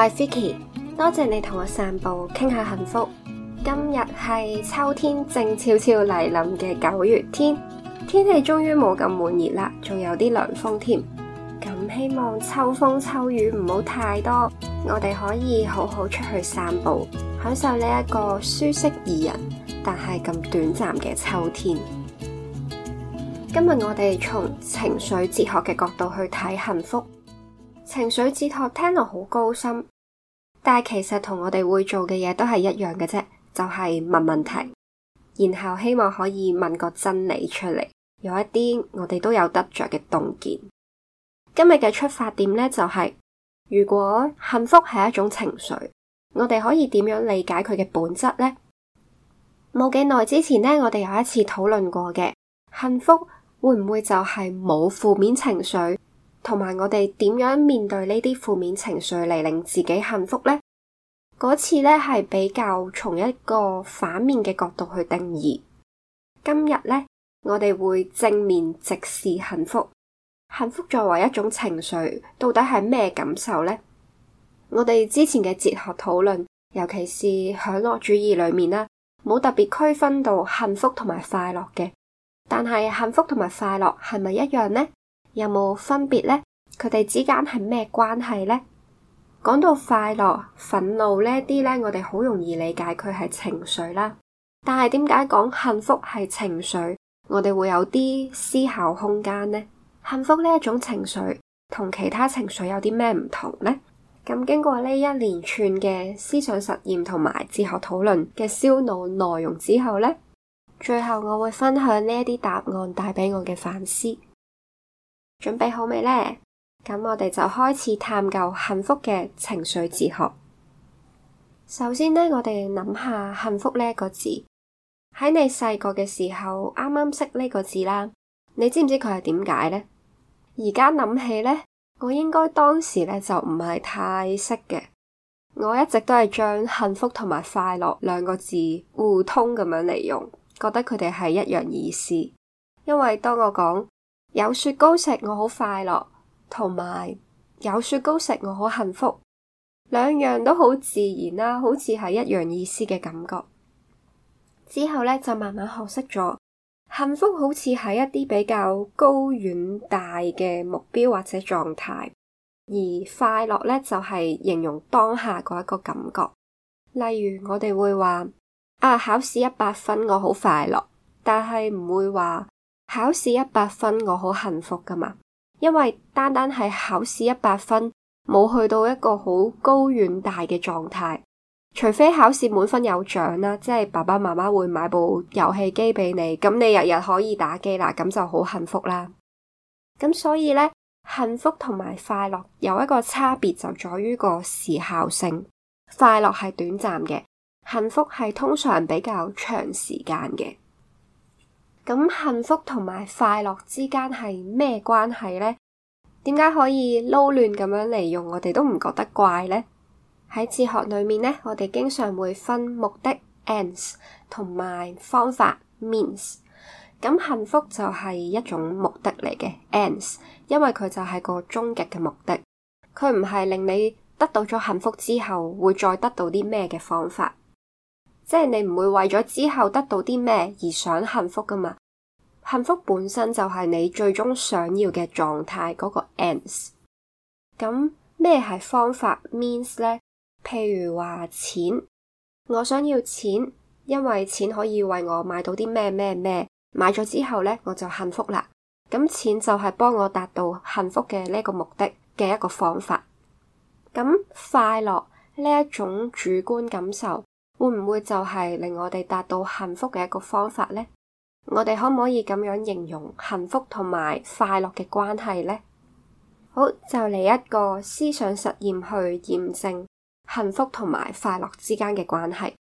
Hi Vicky，多謝你同我散步，傾下幸福。今日係秋天靜悄悄嚟臨嘅九月天，天氣終於冇咁悶熱啦，仲有啲涼風添。咁希望秋風秋雨唔好太多，我哋可以好好出去散步，享受呢一個舒適宜人但係咁短暫嘅秋天。今日我哋從情緒哲學嘅角度去睇幸福。情緒哲學聽落好高深，但係其實同我哋會做嘅嘢都係一樣嘅啫，就係、是、問問題，然後希望可以問個真理出嚟，有一啲我哋都有得着嘅洞見。今日嘅出發點呢、就是，就係如果幸福係一種情緒，我哋可以點樣理解佢嘅本質呢？冇幾耐之前呢，我哋有一次討論過嘅幸福會唔會就係冇負面情緒？同埋我哋點樣面對呢啲負面情緒嚟，令自己幸福呢？嗰次呢係比較從一個反面嘅角度去定義。今日呢，我哋會正面直視幸福。幸福作為一種情緒，到底係咩感受呢？我哋之前嘅哲學討論，尤其是享樂主義裏面啦，冇特別區分到幸福同埋快樂嘅。但係幸福同埋快樂係咪一樣呢？有冇分別呢？佢哋之間係咩關係呢？講到快樂、憤怒呢啲呢，我哋好容易理解佢係情緒啦。但係點解講幸福係情緒？我哋會有啲思考空間呢？幸福呢一種情緒同其他情緒有啲咩唔同呢？咁經過呢一連串嘅思想實驗同埋哲學討論嘅燒腦內容之後呢，最後我會分享呢一啲答案帶俾我嘅反思。準備好未呢？咁我哋就開始探究幸福嘅情緒哲學。首先呢，我哋諗下幸福呢一個字喺你細個嘅時候，啱啱識呢個字啦。你知唔知佢係點解呢？而家諗起呢，我應該當時呢就唔係太識嘅。我一直都係將幸福同埋快樂兩個字互通咁樣嚟用，覺得佢哋係一樣意思。因為當我講。有雪糕食，我好快樂，同埋有，有雪糕食，我好幸福，兩樣都好自然啦，好似係一樣意思嘅感覺。之後咧就慢慢學識咗，幸福好似係一啲比較高遠大嘅目標或者狀態，而快樂咧就係、是、形容當下嗰一個感覺。例如我哋會話啊，考試一百分，我好快樂，但係唔會話。考試一百分，我好幸福噶嘛！因為單單係考試一百分，冇去到一個好高遠大嘅狀態，除非考試滿分有獎啦，即係爸爸媽媽會買部遊戲機畀你，咁你日日可以打機啦，咁就好幸福啦。咁所以呢，幸福同埋快樂有一個差別就在於個時效性，快樂係短暫嘅，幸福係通常比較長時間嘅。咁幸福同埋快樂之間係咩關係呢？點解可以撈亂咁樣嚟用，我哋都唔覺得怪呢。喺哲學裏面呢，我哋經常會分目的 ends 同埋方法 means。咁幸福就係一種目的嚟嘅 ends，因為佢就係個終極嘅目的，佢唔係令你得到咗幸福之後會再得到啲咩嘅方法。即係你唔會為咗之後得到啲咩而想幸福噶嘛？幸福本身就係你最終想要嘅狀態嗰個 ends。咁咩係方法 means 呢？譬如話錢，我想要錢，因為錢可以為我買到啲咩咩咩，買咗之後呢，我就幸福啦。咁錢就係幫我達到幸福嘅呢個目的嘅一個方法。咁快樂呢一種主觀感受。會唔會就係令我哋達到幸福嘅一個方法呢？我哋可唔可以咁樣形容幸福同埋快樂嘅關係呢？好，就嚟一個思想實驗去驗證幸福同埋快樂之間嘅關係。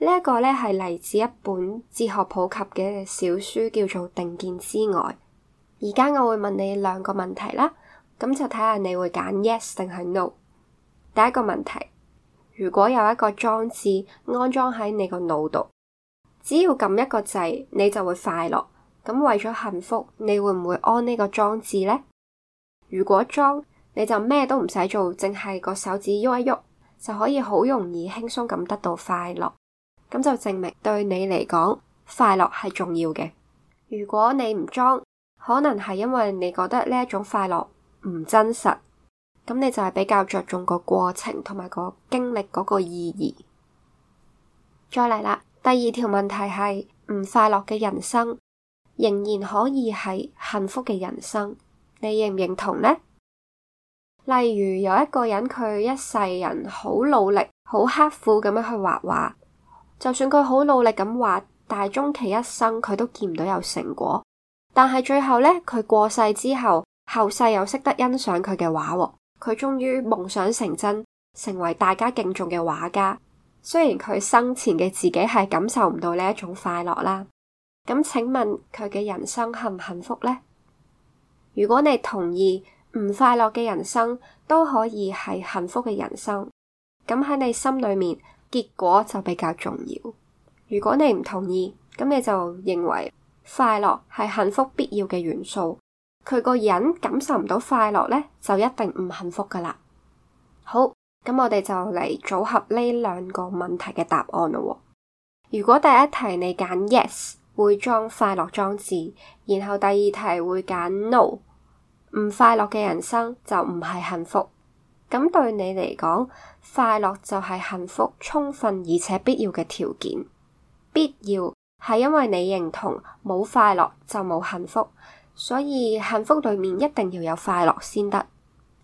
這個、呢一個呢係嚟自一本哲學普及嘅小書，叫做《定見之外》。而家我會問你兩個問題啦，咁就睇下你會揀 yes 定係 no。第一個問題。如果有一個裝置安裝喺你個腦度，只要撳一個掣，你就會快樂。咁為咗幸福，你會唔會安呢個裝置呢？如果裝，你就咩都唔使做，淨係個手指喐一喐，就可以好容易輕鬆咁得到快樂。咁就證明對你嚟講，快樂係重要嘅。如果你唔裝，可能係因為你覺得呢一種快樂唔真實。咁你就係比較着重個過程同埋個經歷嗰個意義。再嚟啦，第二條問題係，唔快樂嘅人生仍然可以係幸福嘅人生，你認唔認同呢？例如有一個人佢一世人好努力，好刻苦咁樣去畫畫，就算佢好努力咁畫，但係終其一生佢都見唔到有成果。但係最後呢，佢過世之後，後世又識得欣賞佢嘅畫喎。佢終於夢想成真，成為大家敬重嘅畫家。雖然佢生前嘅自己係感受唔到呢一種快樂啦。咁請問佢嘅人生幸唔幸福呢？如果你同意，唔快樂嘅人生都可以係幸福嘅人生，咁喺你心裏面結果就比較重要。如果你唔同意，咁你就認為快樂係幸福必要嘅元素。佢個人感受唔到快樂咧，就一定唔幸福噶啦。好，咁我哋就嚟組合呢兩個問題嘅答案咯。哦。如果第一題你揀 yes，會裝快樂裝置，然後第二題會揀 no，唔快樂嘅人生就唔係幸福。咁對你嚟講，快樂就係幸福充分而且必要嘅條件。必要係因為你認同冇快樂就冇幸福。所以幸福裏面一定要有快樂先得，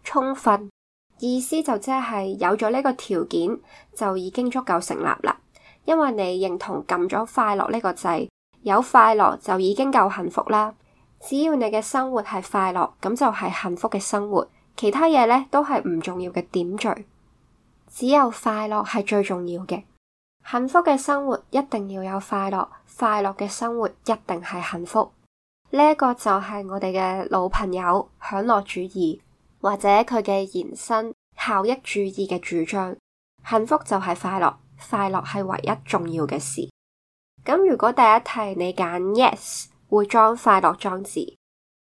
充分。意思就即係有咗呢個條件就已經足夠成立啦。因為你認同撳咗快樂呢個掣，有快樂就已經夠幸福啦。只要你嘅生活係快樂，咁就係幸福嘅生活。其他嘢咧都係唔重要嘅點綴，只有快樂係最重要嘅。幸福嘅生活一定要有快樂，快樂嘅生活一定係幸福。呢一個就係我哋嘅老朋友享樂主義，或者佢嘅延伸效益主義嘅主張。幸福就係快樂，快樂係唯一重要嘅事。咁如果第一題你揀 yes，會裝快樂裝置，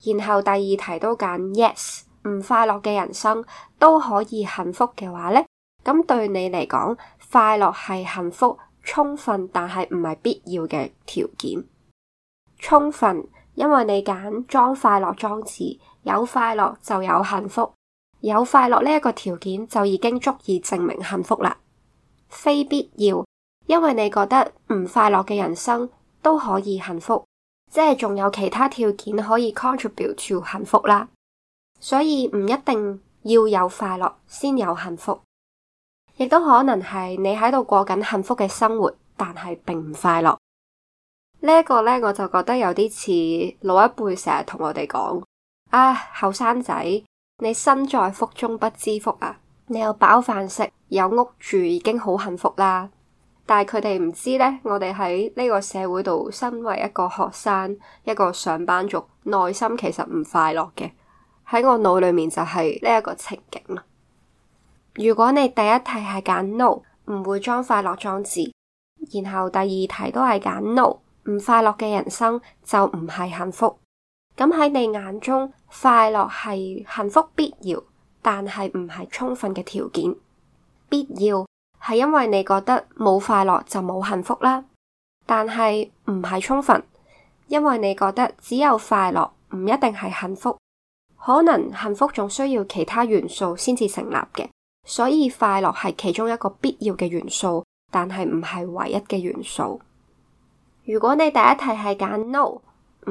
然後第二題都揀 yes，唔快樂嘅人生都可以幸福嘅話呢，咁對你嚟講，快樂係幸福充分，但係唔係必要嘅條件，充分。因為你揀裝快樂裝置，有快樂就有幸福，有快樂呢一個條件就已經足以證明幸福啦。非必要，因為你覺得唔快樂嘅人生都可以幸福，即係仲有其他條件可以 contribute to 幸福啦。所以唔一定要有快樂先有幸福，亦都可能係你喺度過緊幸福嘅生活，但係並唔快樂。呢一個呢，我就覺得有啲似老一輩成日同我哋講啊，後生仔，你身在福中不知福啊！你有飽飯食，有屋住，已經好幸福啦。但係佢哋唔知呢，我哋喺呢個社會度，身為一個學生，一個上班族，內心其實唔快樂嘅。喺我腦裏面就係呢一個情景啦。如果你第一題係揀 no，唔會裝快樂裝置；然後第二題都係揀 no。唔快樂嘅人生就唔係幸福。咁喺你眼中，快樂係幸福必要，但係唔係充分嘅條件。必要係因為你覺得冇快樂就冇幸福啦，但係唔係充分，因為你覺得只有快樂唔一定係幸福，可能幸福仲需要其他元素先至成立嘅。所以快樂係其中一個必要嘅元素，但係唔係唯一嘅元素。如果你第一題係揀 no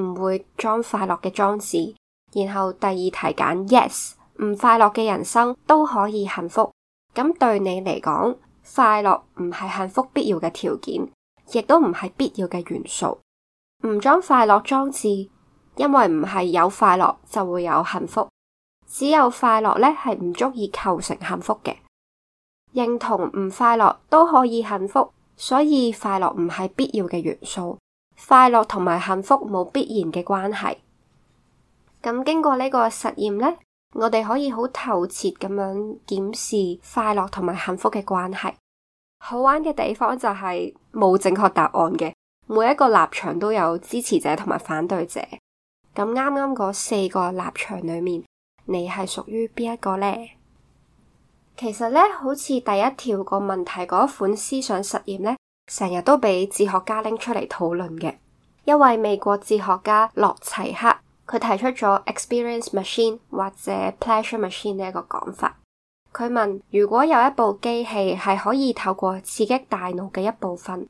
唔會裝快樂嘅裝置，然後第二題揀 yes 唔快樂嘅人生都可以幸福，咁對你嚟講，快樂唔係幸福必要嘅條件，亦都唔係必要嘅元素。唔裝快樂裝置，因為唔係有快樂就會有幸福，只有快樂咧係唔足以構成幸福嘅。認同唔快樂都可以幸福。所以快樂唔係必要嘅元素，快樂同埋幸福冇必然嘅關係。咁經過呢個實驗咧，我哋可以好透徹咁樣檢視快樂同埋幸福嘅關係。好玩嘅地方就係冇正確答案嘅，每一個立場都有支持者同埋反對者。咁啱啱嗰四個立場裏面，你係屬於邊一個咧？其實咧，好似第一條個問題嗰款思想實驗咧，成日都俾哲學家拎出嚟討論嘅。一位美國哲學家洛齊克，佢提出咗 Experience Machine 或者 Pleasure Machine 呢一個講法。佢問：如果有一部機器係可以透過刺激大腦嘅一部分，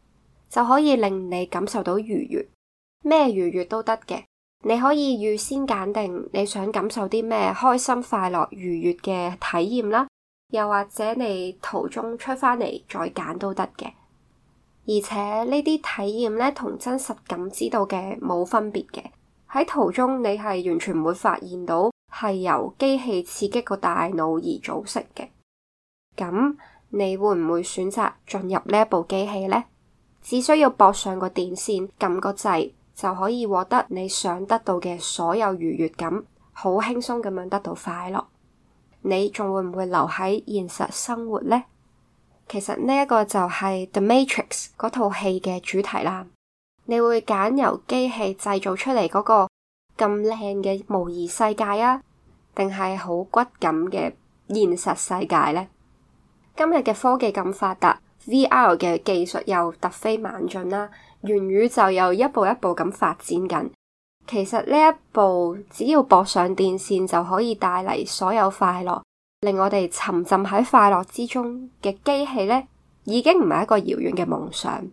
就可以令你感受到愉悦，咩愉悦都得嘅，你可以預先揀定你想感受啲咩開心、快樂、愉悦嘅體驗啦。又或者你途中出返嚟再揀都得嘅，而且呢啲體驗呢，同真實感知道嘅冇分別嘅。喺途中你係完全唔會發現到係由機器刺激個大腦而組成嘅。咁你會唔會選擇進入呢一部機器呢？只需要駁上個電線，撳個掣就可以獲得你想得到嘅所有愉悅感，好輕鬆咁樣得到快樂。你仲會唔會留喺現實生活呢？其實呢一個就係《The Matrix》嗰套戲嘅主題啦。你會揀由機器製造出嚟，嗰個咁靚嘅模擬世界啊，定係好骨感嘅現實世界呢？今日嘅科技咁發達，VR 嘅技術又突飛猛進啦，元宇宙又一步一步咁發展緊。其實呢一部隻要駁上電線就可以帶嚟所有快樂，令我哋沉浸喺快樂之中嘅機器呢，已經唔係一個遙遠嘅夢想。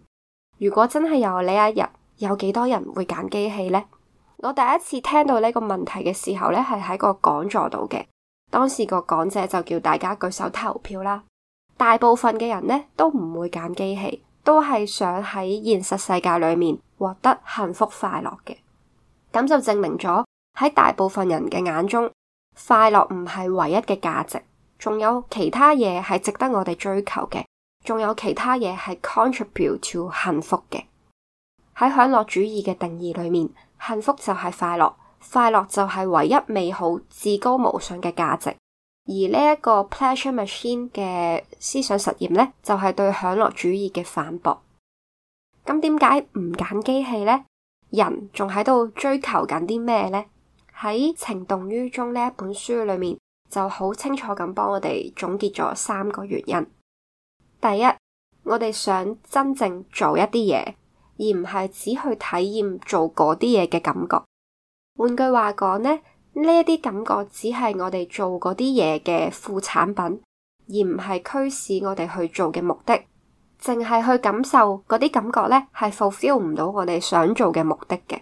如果真係有呢一日，有幾多人會揀機器呢？我第一次聽到呢個問題嘅時候呢，係喺個講座度嘅。當時個講者就叫大家舉手投票啦。大部分嘅人呢，都唔會揀機器，都係想喺現實世界裡面獲得幸福快樂嘅。咁就證明咗喺大部分人嘅眼中，快樂唔係唯一嘅價值，仲有其他嘢係值得我哋追求嘅，仲有其他嘢係 contribute to 幸福嘅。喺享樂主義嘅定義裏面，幸福就係快樂，快樂就係唯一美好、至高無上嘅價值。而呢一個 Pleasure Machine 嘅思想實驗呢，就係、是、對享樂主義嘅反駁。咁點解唔揀機器呢？人仲喺度追求緊啲咩呢？喺《情動於中》呢一本書裏面，就好清楚咁幫我哋總結咗三個原因。第一，我哋想真正做一啲嘢，而唔係只去體驗做嗰啲嘢嘅感覺。換句話講呢，呢一啲感覺只係我哋做嗰啲嘢嘅副產品，而唔係驅使我哋去做嘅目的。淨係去感受嗰啲感覺呢，係 fulfill 唔到我哋想做嘅目的嘅。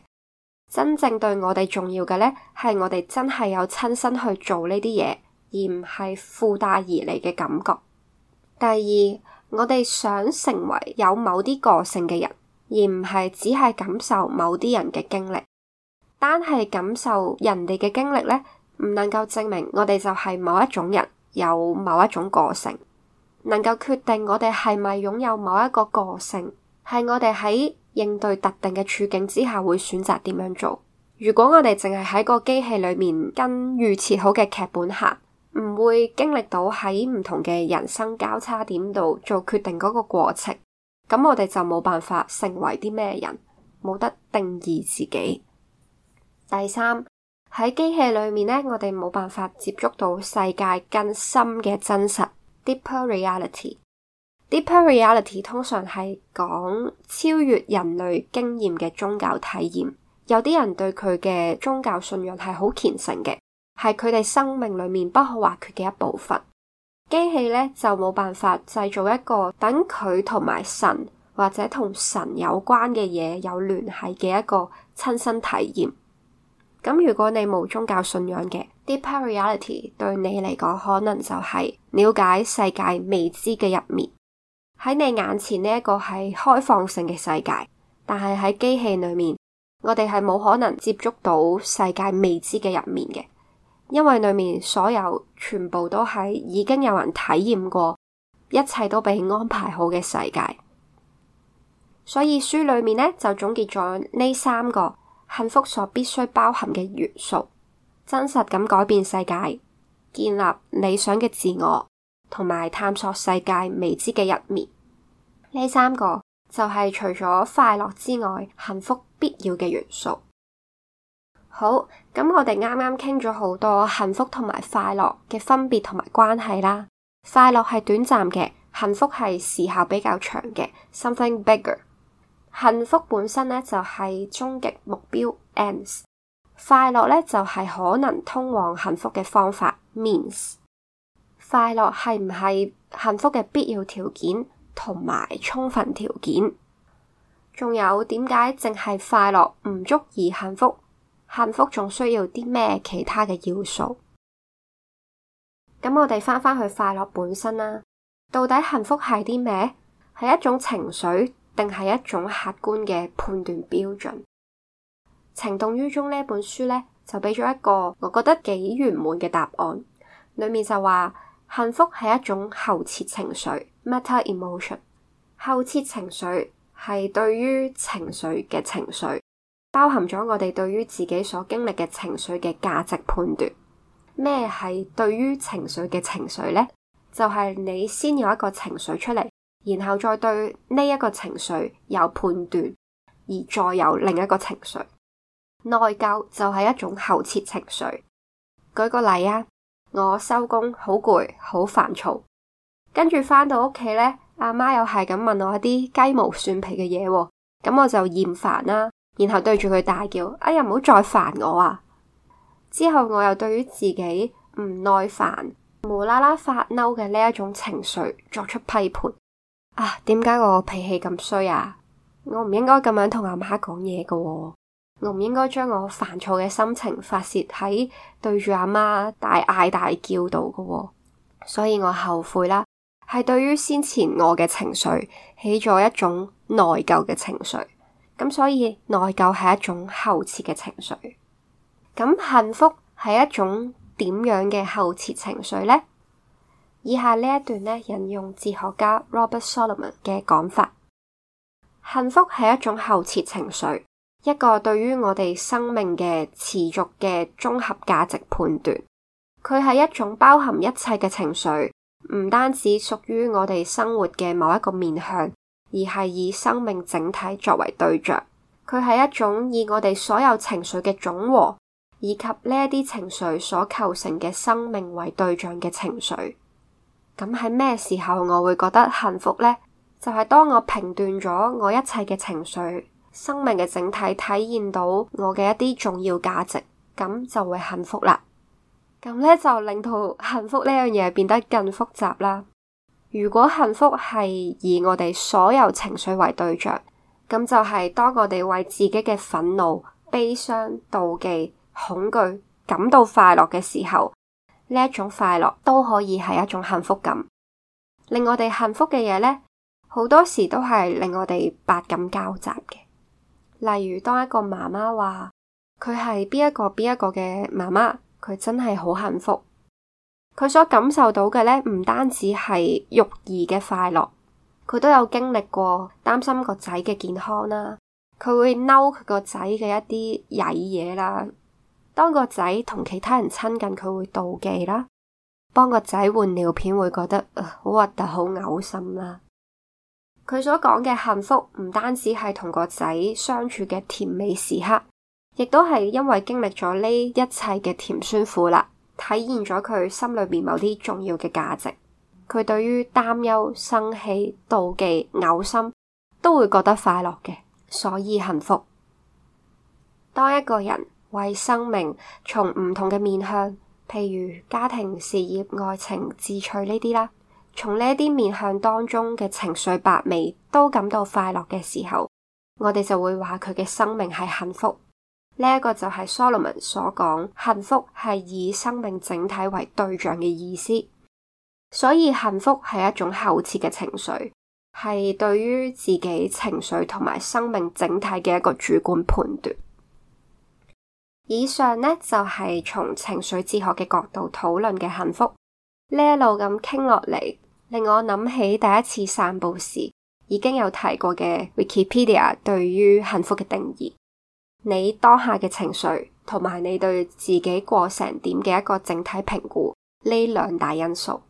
真正對我哋重要嘅，呢係我哋真係有親身去做呢啲嘢，而唔係附帶而嚟嘅感覺。第二，我哋想成為有某啲個性嘅人，而唔係只係感受某啲人嘅經歷。單係感受人哋嘅經歷呢，唔能夠證明我哋就係某一種人，有某一種個性。能夠決定我哋係咪擁有某一個個性，係我哋喺應對特定嘅處境之下會選擇點樣做。如果我哋淨係喺個機器裏面跟預設好嘅劇本行，唔會經歷到喺唔同嘅人生交叉點度做決定嗰個過程，咁我哋就冇辦法成為啲咩人，冇得定義自己。第三，喺機器裏面呢，我哋冇辦法接觸到世界更深嘅真實。deeper reality，deeper reality 通常係講超越人類經驗嘅宗教體驗。有啲人對佢嘅宗教信仰係好虔誠嘅，係佢哋生命裏面不可或缺嘅一部分。機器呢，就冇辦法製造一個等佢同埋神或者同神有關嘅嘢有聯繫嘅一個親身體驗。咁如果你冇宗教信仰嘅，deeper reality 對你嚟講可能就係了解世界未知嘅入面，喺你眼前呢一個係開放性嘅世界，但係喺機器裏面，我哋係冇可能接觸到世界未知嘅入面嘅，因為裏面所有全部都係已經有人體驗過，一切都被安排好嘅世界。所以書裏面呢，就總結咗呢三個幸福所必須包含嘅元素。真實噉改變世界，建立理想嘅自我，同埋探索世界未知嘅一面。呢三個就係、是、除咗快樂之外，幸福必要嘅元素。好，咁，我哋啱啱傾咗好多幸福同埋快樂嘅分別同埋關係啦。快樂係短暫嘅，幸福係時效比較長嘅。Something bigger，幸福本身呢就係、是、終極目標 ends。End 快樂呢，就係可能通往幸福嘅方法，means 快樂係唔係幸福嘅必要條件同埋充分條件？仲有點解淨係快樂唔足以幸福？幸福仲需要啲咩其他嘅要素？咁我哋翻翻去快樂本身啦，到底幸福係啲咩？係一種情緒定係一種客觀嘅判斷標準？《情動於中》呢本書呢，就俾咗一個我覺得幾圓滿嘅答案。裏面就話，幸福係一種後設情緒 （meta emotion）。後設情緒係對於情緒嘅情緒，包含咗我哋對於自己所經歷嘅情緒嘅價值判斷。咩係對於情緒嘅情緒呢？就係、是、你先有一個情緒出嚟，然後再對呢一個情緒有判斷，而再有另一個情緒。內疚就係一種後設情緒。舉個例啊，我收工好攰，好煩躁，跟住返到屋企呢，阿媽又係咁問我一啲雞毛蒜皮嘅嘢，咁我就厭煩啦。然後對住佢大叫：哎呀，唔好再煩我啊！之後我又對於自己唔耐煩、無啦啦發嬲嘅呢一種情緒作出批判啊，點解我脾氣咁衰啊？我唔應該咁樣同阿媽講嘢嘅。我唔應該將我煩躁嘅心情發洩喺對住阿媽大嗌、大叫度嘅，所以我後悔啦，係對於先前我嘅情緒起咗一種內疚嘅情緒。咁所以內疚係一種後設嘅情緒。咁幸福係一種點樣嘅後設情緒呢？以下呢一段呢，引用哲學家 Robert Solomon 嘅講法：幸福係一種後設情緒。一個對於我哋生命嘅持續嘅綜合價值判斷，佢係一種包含一切嘅情緒，唔單止屬於我哋生活嘅某一個面向，而係以生命整體作為對象。佢係一種以我哋所有情緒嘅總和，以及呢一啲情緒所構成嘅生命為對象嘅情緒。咁喺咩時候我會覺得幸福呢？就係、是、當我評斷咗我一切嘅情緒。生命嘅整體體現到我嘅一啲重要價值，咁就會幸福啦。咁咧就令到幸福呢樣嘢變得更複雜啦。如果幸福係以我哋所有情緒為對象，咁就係當我哋為自己嘅憤怒、悲傷、妒忌、恐懼感到快樂嘅時候，呢一種快樂都可以係一種幸福感。令我哋幸福嘅嘢咧，好多時都係令我哋百感交集嘅。例如，當一個媽媽話佢係邊一個邊一個嘅媽媽，佢真係好幸福。佢所感受到嘅咧，唔單止係育兒嘅快樂，佢都有經歷過擔心個仔嘅健康啦。佢會嬲佢個仔嘅一啲曳嘢啦。當個仔同其他人親近，佢會妒忌啦。幫個仔換尿片會覺得好核突，好、呃、嘔心啦。佢所講嘅幸福唔單止係同個仔相處嘅甜美時刻，亦都係因為經歷咗呢一切嘅甜酸苦辣，體現咗佢心裏面某啲重要嘅價值。佢對於擔憂、生氣、妒忌、噁心，都會覺得快樂嘅，所以幸福。當一個人為生命從唔同嘅面向，譬如家庭、事業、愛情、志趣呢啲啦。從呢啲面向當中嘅情緒百味都感到快樂嘅時候，我哋就會話佢嘅生命係幸福。呢一個就係 Solomon 所講，幸福係以生命整體為對象嘅意思。所以幸福係一種後設嘅情緒，係對於自己情緒同埋生命整體嘅一個主觀判斷。以上呢，就係從情緒哲學嘅角度討論嘅幸福。呢一路咁傾落嚟，令我諗起第一次散步時已經有提過嘅 Wikipedia 對於幸福嘅定義。你當下嘅情緒同埋你對自己過成點嘅一個整體評估，呢兩大因素。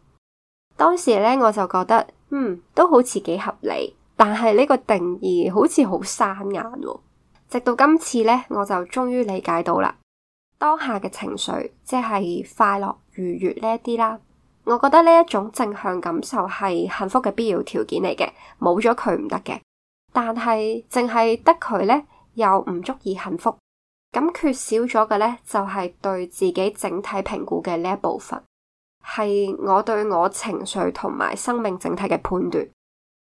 當時呢，我就覺得，嗯，都好似幾合理，但係呢個定義好似好生硬喎。直到今次呢，我就終於理解到啦。當下嘅情緒，即係快樂、愉悅呢啲啦。我覺得呢一種正向感受係幸福嘅必要條件嚟嘅，冇咗佢唔得嘅。但係淨係得佢咧，又唔足以幸福。咁缺少咗嘅咧，就係、是、對自己整體評估嘅呢一部分，係我對我情緒同埋生命整體嘅判斷。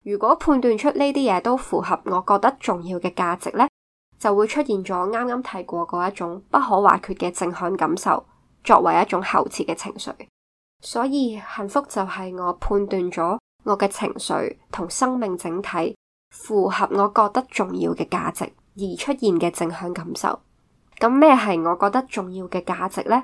如果判斷出呢啲嘢都符合我覺得重要嘅價值咧，就會出現咗啱啱提過嗰一種不可或缺嘅正向感受，作為一種後設嘅情緒。所以幸福就係我判斷咗我嘅情緒同生命整體符合我覺得重要嘅價值而出現嘅正向感受。咁咩係我覺得重要嘅價值呢？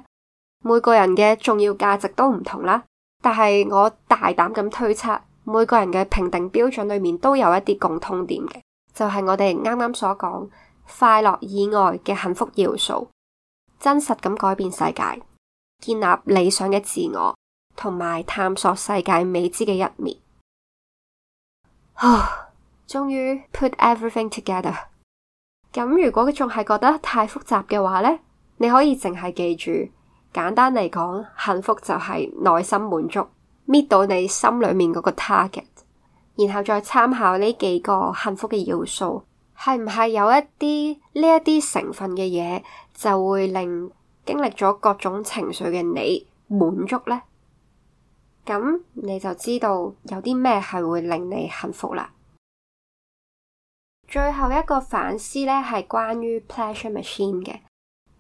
每個人嘅重要價值都唔同啦，但係我大膽咁推測，每個人嘅評定標準裏面都有一啲共通點嘅，就係我哋啱啱所講快樂以外嘅幸福要素，真實咁改變世界，建立理想嘅自我。同埋探索世界未知嘅一面，啊，終於 put everything together。咁如果仲係覺得太複雜嘅話呢，你可以淨係記住簡單嚟講，幸福就係內心滿足，搣到你心裏面嗰個 target，然後再參考呢幾個幸福嘅要素，係唔係有一啲呢一啲成分嘅嘢就會令經歷咗各種情緒嘅你滿足呢？咁你就知道有啲咩係會令你幸福啦。最後一個反思呢係關於 pleasure machine 嘅。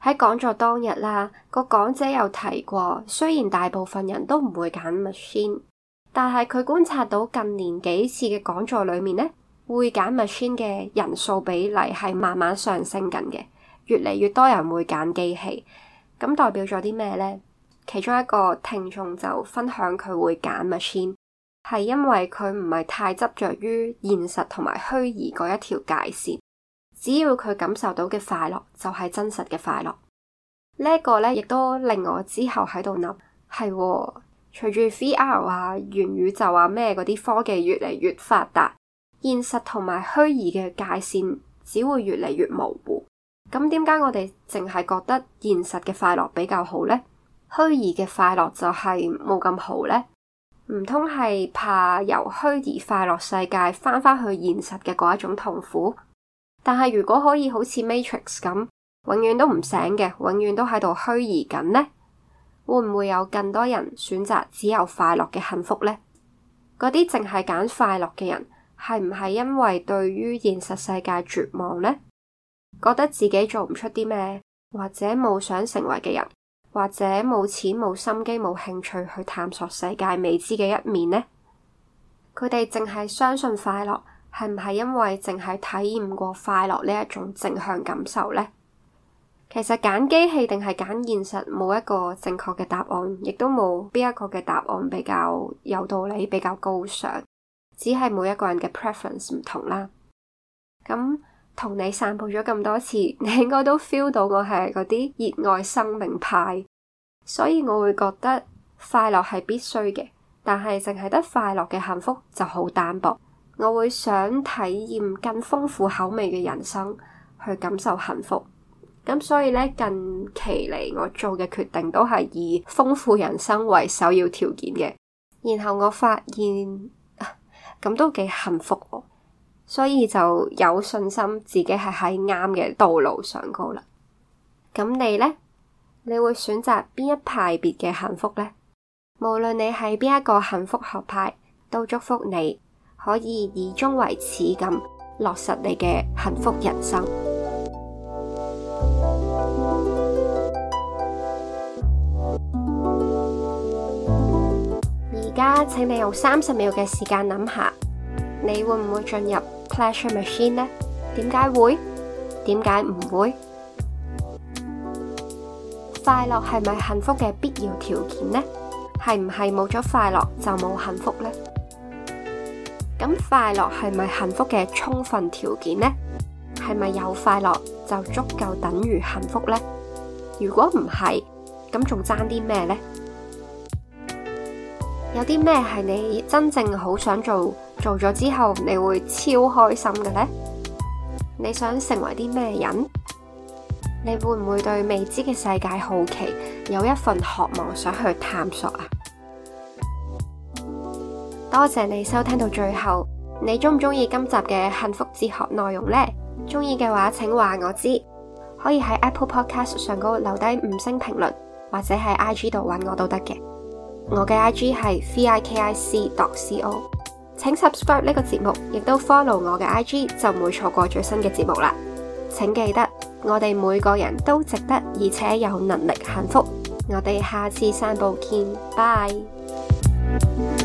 喺講座當日啦，個講者有提過，雖然大部分人都唔會揀 machine，但係佢觀察到近年幾次嘅講座裏面呢，會揀 machine 嘅人數比例係慢慢上升緊嘅，越嚟越多人會揀機器。咁代表咗啲咩呢？其中一個聽眾就分享佢會揀 machine，係因為佢唔係太執着於現實同埋虛擬嗰一條界線，只要佢感受到嘅快樂就係真實嘅快樂。呢一個呢，亦都令我之後喺度諗，係喎，隨住 VR 啊、元宇宙啊咩嗰啲科技越嚟越發達，現實同埋虛擬嘅界線只會越嚟越模糊。咁點解我哋淨係覺得現實嘅快樂比較好呢？虛擬嘅快樂就係冇咁好呢？唔通係怕由虛擬快樂世界返返去現實嘅嗰一種痛苦？但係如果可以好似 Matrix 咁，永遠都唔醒嘅，永遠都喺度虛擬緊呢？會唔會有更多人選擇只有快樂嘅幸福呢？嗰啲淨係揀快樂嘅人，係唔係因為對於現實世界絕望呢？覺得自己做唔出啲咩，或者冇想成為嘅人？或者冇錢、冇心機、冇興趣去探索世界未知嘅一面呢，佢哋淨係相信快樂，係唔係因為淨係體驗過快樂呢一種正向感受呢？其實揀機器定係揀現實，冇一個正確嘅答案，亦都冇邊一個嘅答案比較有道理、比較高尚，只係每一個人嘅 preference 唔同啦。咁。同你散步咗咁多次，你應該都 feel 到我係嗰啲熱愛生命派，所以我會覺得快樂係必須嘅，但係淨係得快樂嘅幸福就好單薄。我會想體驗更豐富口味嘅人生，去感受幸福。咁所以呢，近期嚟我做嘅決定都係以豐富人生為首要條件嘅。然後我發現咁都幾幸福喎。所以就有信心自己係喺啱嘅道路上高啦。咁你呢？你會選擇邊一派別嘅幸福呢？無論你係邊一個幸福學派，都祝福你可以以終為始咁落實你嘅幸福人生。而家請你用三十秒嘅時間諗下，你會唔會進入？Pleasure machine 呢，點解會？點解唔會？快樂係咪幸福嘅必要條件呢？係唔係冇咗快樂就冇幸福呢？咁快樂係咪幸福嘅充分條件呢？係咪有快樂就足夠等於幸福呢？如果唔係，咁仲爭啲咩呢？有啲咩係你真正好想做？做咗之後你會超開心嘅呢？你想成為啲咩人？你會唔會對未知嘅世界好奇，有一份渴望想去探索啊？多謝你收聽到最後，你鍾唔鍾意今集嘅幸福哲學內容呢？鍾意嘅話，請話我知，可以喺 Apple Podcast 上高留低五星評論，或者喺 I G 度揾我都得嘅。我嘅 I G 係 v i k i c dot c o。請 subscribe 呢個節目，亦都 follow 我嘅 IG，就唔會錯過最新嘅節目啦。請記得，我哋每個人都值得，而且有能力幸福。我哋下次散步見，Bye。